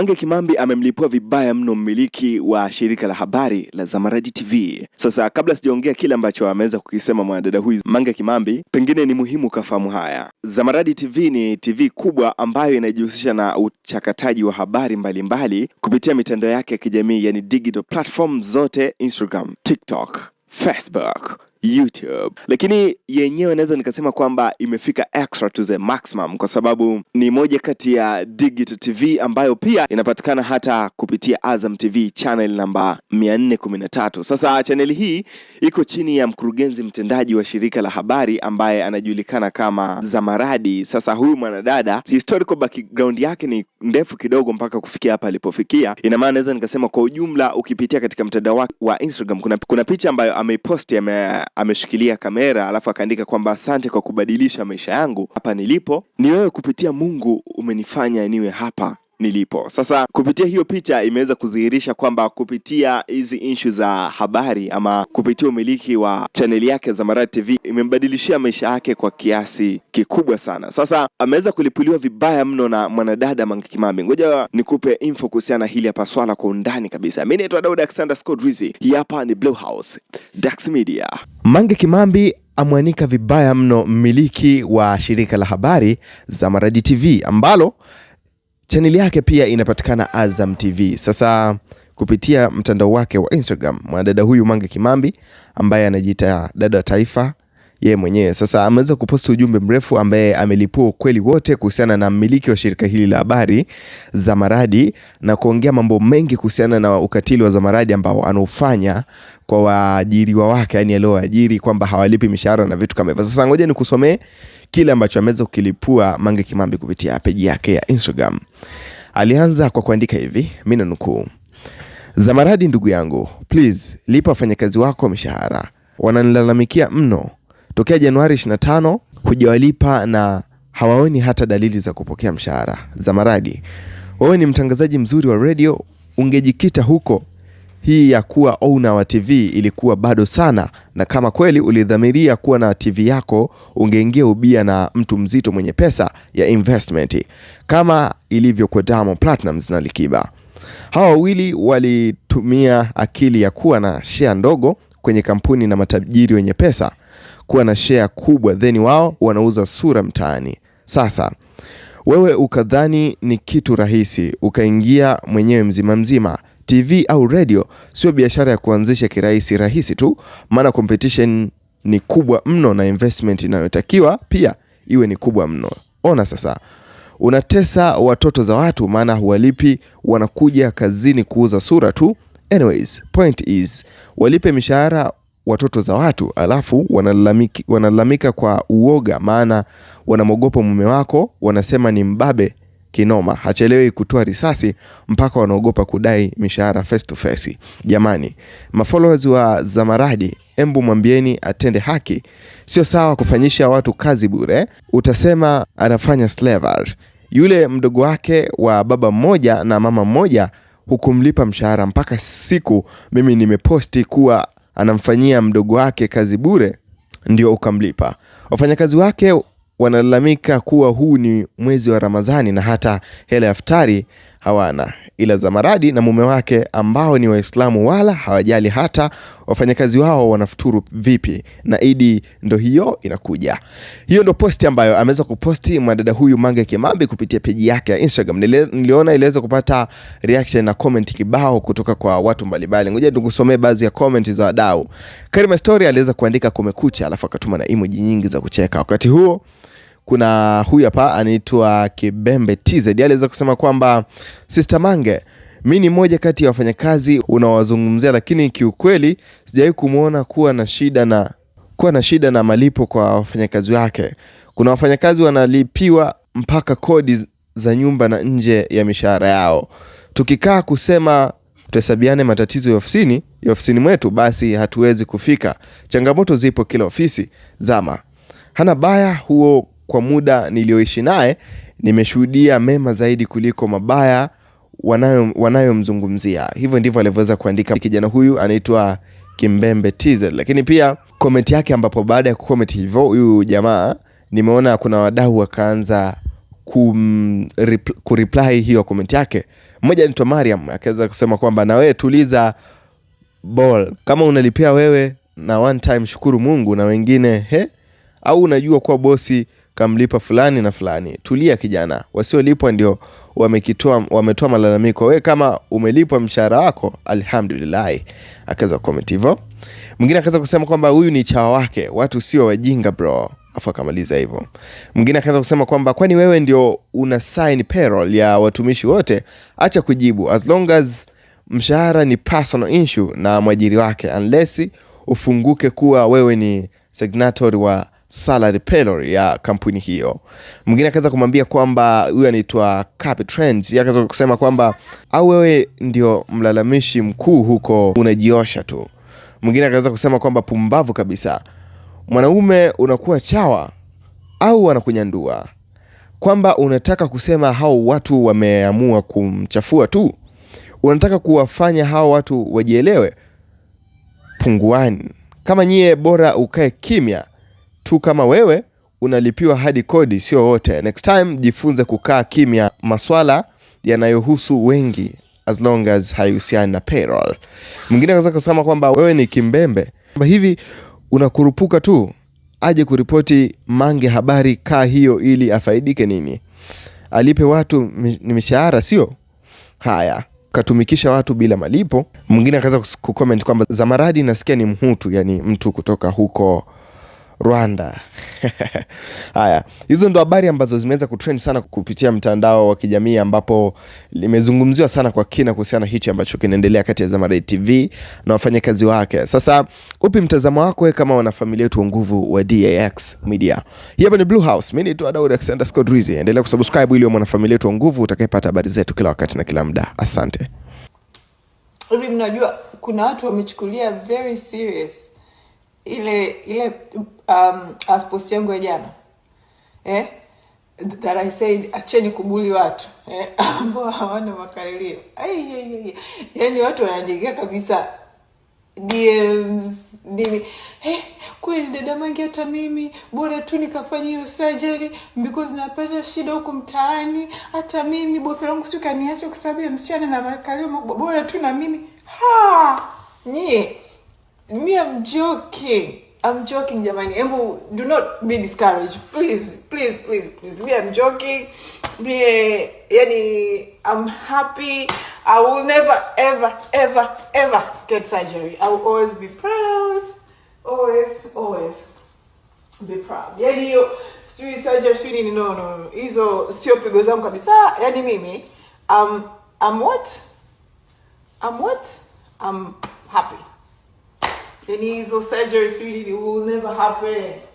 Mange Kimambi amemlipua vibaya mno mmiliki wa shirika la habari la Zamaradi TV. Sasa kabla sijaongea kile ambacho ameweza kukisema mwanadada huyu Mange Kimambi, pengine ni muhimu kafahamu haya. Zamaradi TV ni TV kubwa ambayo inajihusisha na uchakataji wa habari mbalimbali mbali, kupitia mitandao yake ya kijamii yani digital platform zote Instagram, TikTok, Facebook YouTube, lakini yenyewe naweza nikasema kwamba imefika extra to the maximum, kwa sababu ni moja kati ya digital TV ambayo pia inapatikana hata kupitia Azam TV channel namba 413. Sasa chaneli hii iko chini ya mkurugenzi mtendaji wa shirika la habari ambaye anajulikana kama Zamaradi. Sasa huyu mwanadada historical background yake ni ndefu kidogo mpaka kufikia hapa alipofikia. Ina maana naweza nikasema kwa ujumla, ukipitia katika mtandao wake wa Instagram kuna, kuna picha ambayo ameiposti ame ameshikilia kamera alafu akaandika kwamba asante kwa kubadilisha maisha yangu hapa nilipo, ni wewe kupitia Mungu umenifanya niwe hapa nilipo. Sasa kupitia hiyo picha imeweza kudhihirisha kwamba kupitia hizi issue za habari ama kupitia umiliki wa chaneli yake Zamaradi TV imembadilishia maisha yake kwa kiasi kikubwa sana. Sasa ameweza kulipuliwa vibaya mno na mwanadada Mange Kimambi. Ngoja nikupe info kuhusiana hili hapa swala kwa undani kabisa. Mimi naitwa Daud Alexander Scott Rizzi. Hii hapa ni Blue House Dax Media. Mange Kimambi amwanika vibaya mno mmiliki wa shirika la habari Zamaradi TV ambalo chaneli yake pia inapatikana Azam TV. Sasa kupitia mtandao wake wa Instagram, mwanadada huyu Mange Kimambi ambaye anajiita dada wa taifa yeye mwenyewe. Sasa ameweza kupost ujumbe mrefu ambaye amelipua ukweli wote kuhusiana na mmiliki wa shirika hili la habari Zamaradi na kuongea mambo mengi kuhusiana na ukatili wa Zamaradi ambao anaofanya kwa waajiriwa wake, yani aliowaajiri kwamba hawalipi mishahara na vitu kama hivyo. Sasa ngoja nikusomee kile ambacho ameweza kukilipua Mange Kimambi kupitia peji yake ya Instagram. Alianza kwa kuandika hivi, mimi na nukuu, Zamaradi ndugu yangu, please lipa wafanyakazi wako mishahara, wananilalamikia mno tokea Januari 25 hujawalipa na hawaoni hata dalili za kupokea mshahara. za maradi wewe ni mtangazaji mzuri wa redio, ungejikita huko. Hii ya kuwa owner wa TV ilikuwa bado sana, na kama kweli ulidhamiria kuwa na TV yako ungeingia ubia na mtu mzito mwenye pesa ya investment kama ilivyo kwa Diamond Platnumz na Likiba. Hawa wawili walitumia akili ya kuwa na share ndogo kwenye kampuni na matajiri wenye pesa kuwa na share kubwa, then wao wanauza sura mtaani. Sasa wewe ukadhani ni kitu rahisi, ukaingia mwenyewe mzima mzima. TV au radio sio biashara ya kuanzisha kirahisi rahisi tu, maana competition ni kubwa mno na investment inayotakiwa pia iwe ni kubwa mno. Ona sasa, unatesa watoto za watu, maana huwalipi, wanakuja kazini kuuza sura tu. Anyways, point is walipe mishahara watoto za watu, alafu wanalalamika, wanalalamika kwa uoga, maana wanamwogopa mume wako, wanasema ni mbabe kinoma, hachelewi kutoa risasi mpaka wanaogopa kudai mishahara face to face. Jamani, mafollowers wa Zamaradi, embu mwambieni atende haki. Sio sawa kufanyisha watu kazi bure, utasema anafanya slavery. Yule mdogo wake wa baba mmoja na mama mmoja hukumlipa mshahara mpaka siku mimi nimeposti kuwa anamfanyia mdogo wake kazi bure ndio ukamlipa. Wafanyakazi wake wanalalamika kuwa huu ni mwezi wa Ramadhani na hata hela ya iftari hawana ila Zamaradi na mume wake ambao ni Waislamu wala hawajali hata wafanyakazi wao wanafuturu vipi, na Idi ndo hiyo inakuja. Hiyo ndo posti ambayo ameweza kuposti mwanadada huyu Mange Kimambi kupitia peji yake ya Instagram. Niliona iliweza kupata reaction na comment kibao kutoka kwa watu mbalimbali. Ngoja tukusomee baadhi ya comment za wadau. Karima Story aliweza kuandika kumekucha, alafu akatuma na emoji nyingi za kucheka. Wakati huo kuna huyu hapa anaitwa Kibembe TZ aliweza kusema kwamba Sister Mange, mi ni mmoja kati ya wafanyakazi unaowazungumzia, lakini kiukweli sijawahi kumwona kuwa na shida na kuwa na shida na malipo kwa wafanyakazi wake. Kuna wafanyakazi wanalipiwa mpaka kodi za nyumba na nje ya mishahara yao. Tukikaa kusema tuhesabiane matatizo ya ofisini ya ofisini mwetu, basi hatuwezi kufika. Changamoto zipo kila ofisi. Zama hana baya huo kwa muda niliyoishi naye nimeshuhudia mema zaidi kuliko mabaya wanayomzungumzia. Wanayo hivyo ndivyo alivyoweza kuandika kijana huyu anaitwa Kimbembe TZ. Lakini pia komenti yake, ambapo baada ya kukomenti hivyo huyu jamaa, nimeona kuna wadau wakaanza kureply hiyo komenti yake. Mmoja anaitwa Mariam akaweza kusema kwamba na wewe tuliza ball, kama unalipia wewe na one time shukuru Mungu, na wengine he, au unajua kuwa bosi kamlipa fulani na fulani. Tulia kijana, wasiolipwa ndio wamekitoa wametoa malalamiko. We kama umelipwa mshahara wako alhamdulillah. Akaweza comment hivyo. Mwingine akaweza kusema kwamba huyu ni chawa wake, watu sio wajinga bro, afu akamaliza hivyo. Mwingine akaweza kusema kwamba kwani wewe ndio una sign payroll ya watumishi wote? Acha kujibu, as long as mshahara ni personal issue na mwajiri wake, unless ufunguke kuwa wewe ni signatory wa salary payroll ya kampuni hiyo. Mwingine akaweza kumwambia kwamba huyu anaitwa Cap Trends, yeye akaweza kusema kwamba au wewe ndio mlalamishi mkuu huko, unajiosha tu. Mwingine akaweza kusema kwamba pumbavu kabisa, mwanaume unakuwa chawa au wanakunyandua, kwamba unataka kusema hao watu wameamua kumchafua tu, unataka kuwafanya hao watu wajielewe. Punguani, kama nyie bora ukae kimya tu kama wewe unalipiwa hadi kodi, sio wote. Next time jifunze kukaa kimya maswala yanayohusu wengi, as long as haihusiani na payroll. Mwingine anaweza kusema kwamba wewe ni kimbembe, kwamba hivi unakurupuka tu aje kuripoti Mange habari kaa hiyo ili afaidike nini? Alipe watu ni mishahara, sio haya katumikisha watu bila malipo. Mwingine akaweza kucomment kwamba Zamaradi nasikia ni Mhutu, yani mtu kutoka huko Rwanda. Haya, hizo ndo habari ambazo zimeweza kutrend sana kupitia mtandao wa kijamii ambapo limezungumziwa sana kwa kina kuhusiana hichi ambacho kinaendelea kati ya Zamaria TV na wafanyakazi wake. Sasa upi mtazamo wako wewe kama wanafamilia wetu wa nguvu wa DAX Media? Hii hapa ni Blue House. Mimi ni Daud Alexander Scott Rizzi. Endelea kusubscribe ili uwe mwanafamilia wetu wa nguvu utakayepata habari zetu kila wakati na kila muda. Asante. Hivi mnajua kuna watu wamechukulia very serious ile ile um, post yangu ya jana eh, that I said acheni kubuli watu eh, ambao hawana makalio. yani watu wanaandikia kabisa DMs nini eh, kweli dada mangi hata mimi bora tu nikafanya hiyo surgery because napata shida huko mtaani. Hata mimi boyfriend wangu sio kaniacha kwa sababu ya msichana na makalio, bora tu na mimi ha nyie me I'm joking I'm joking jamani, hebu do not be discouraged please please please please, me I'm joking me, yani I'm happy. I will never ever ever ever get surgery. I will always be proud, always always be proud. Yani hiyo sijui surgery sijui nini, no no, hizo sio pigo zangu kabisa. Yani mimi um, I'm what I'm what I'm happy any so surgery really will never happen